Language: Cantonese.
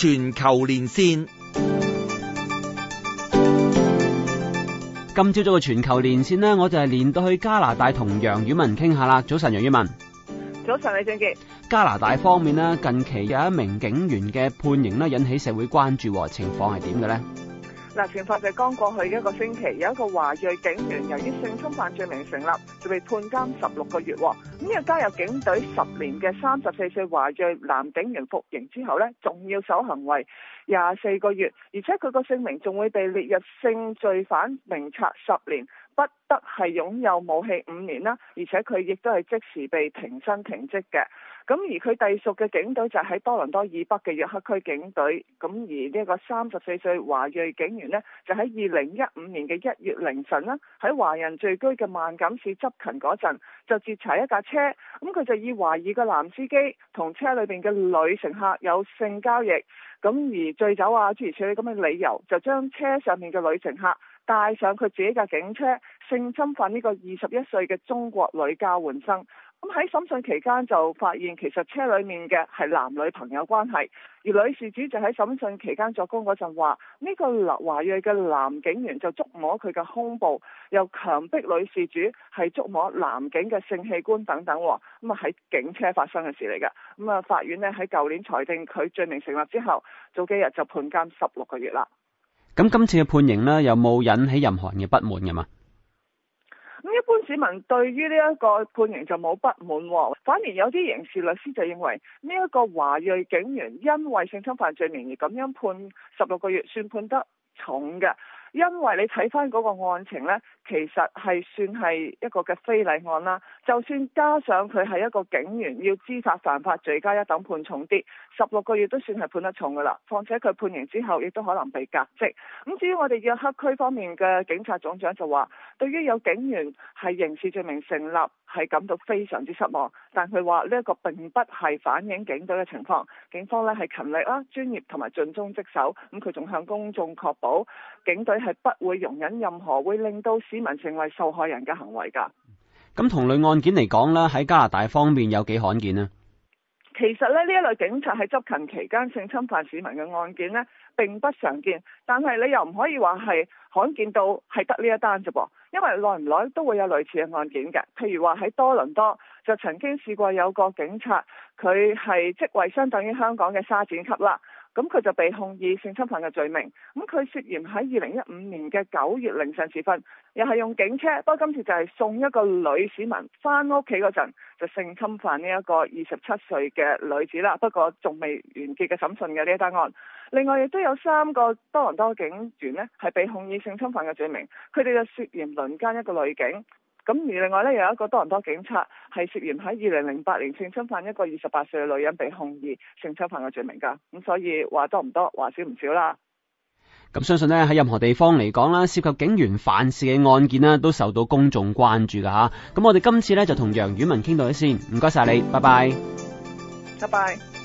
全球連線，今朝早嘅全球連線呢，我就係連到去加拿大同楊婉文傾下啦。早晨，楊婉文。早晨，李俊傑。加拿大方面呢，近期有一名警員嘅判刑呢，引起社會關注，情況係點嘅呢？嗱，事件就係剛過去一個星期，有一個華裔警員由於性侵犯罪名成立，就被判監十六個月。呢個加入警隊十年嘅三十四歲華裔男警員服刑之後呢，仲要守行為廿四個月，而且佢個姓名仲會被列入性罪犯名冊十年，不得係擁有武器五年啦。而且佢亦都係即時被停薪停職嘅。咁而佢隸屬嘅警隊就喺多倫多以北嘅約克區警隊。咁而呢個三十四歲華裔警員呢，就喺二零一五年嘅一月凌晨啦，喺華人聚居嘅萬錦市執勤嗰陣，就截查一架車。咁佢就以懷疑個男司機同車裏邊嘅女乘客有性交易，咁而醉酒啊諸如此類咁嘅理由，就將車上面嘅女乘客帶上佢自己架警車，性侵犯呢個二十一歲嘅中國女交換生。咁喺審訊期間就發現，其實車裡面嘅係男女朋友關係，而女事主就喺審訊期間作供嗰陣話，呢個林華裔嘅男警員就觸摸佢嘅胸部，又強迫女事主係觸摸男警嘅性器官等等，咁啊喺警車發生嘅事嚟嘅，咁啊法院呢喺舊年裁定佢罪名成立之後，早幾日就判監十六個月啦。咁今次嘅判刑呢，有冇引起任何人嘅不滿嘅嘛？市民對於呢一個判刑就冇不滿喎，哦，反而有啲刑事律師就認為呢一個華裔警員因為性侵犯罪名而咁樣判十六個月，算判得重嘅。因為你睇翻嗰個案情呢，其實係算係一個嘅非禮案啦。就算加上佢係一個警員，要知法犯法，罪加一等判重啲，十六個月都算係判得重㗎啦。況且佢判刑之後，亦都可能被革職。咁至於我哋約克區方面嘅警察總長就話，對於有警員係刑事罪名成立係感到非常之失望。但佢話呢一個並不係反映警隊嘅情況，警方呢係勤力啦、專業同埋盡忠職守。咁佢仲向公眾確保警隊。係不會容忍任何會令到市民成為受害人嘅行為噶。咁同類案件嚟講啦，喺加拿大方面有幾罕見咧？其實咧呢一類警察喺執勤期間性侵犯市民嘅案件呢，並不常見。但係你又唔可以話係罕見到係得呢一單啫噃，因為耐唔耐都會有類似嘅案件嘅。譬如話喺多倫多，就曾經試過有個警察，佢係職位相當於香港嘅沙展級啦。咁佢就被控以性侵犯嘅罪名，咁佢涉嫌喺二零一五年嘅九月凌晨時分，又係用警車，不過今次就係送一個女市民返屋企嗰陣，就性侵犯呢一個二十七歲嘅女子啦。不過仲未完結嘅審訊嘅呢單案，另外亦都有三個多倫多警員呢，係被控以性侵犯嘅罪名，佢哋就涉嫌輪奸一個女警。咁而另外咧，有一個多倫多警察係涉嫌喺二零零八年性侵犯一個二十八歲嘅女人，被控以性侵犯嘅罪名㗎。咁所以話多唔多，話少唔少啦。咁相信咧，喺任何地方嚟講啦，涉及警員犯事嘅案件呢，都受到公眾關注㗎嚇。咁我哋今次咧就同楊婉文傾到一先，唔該晒你，拜拜。拜拜。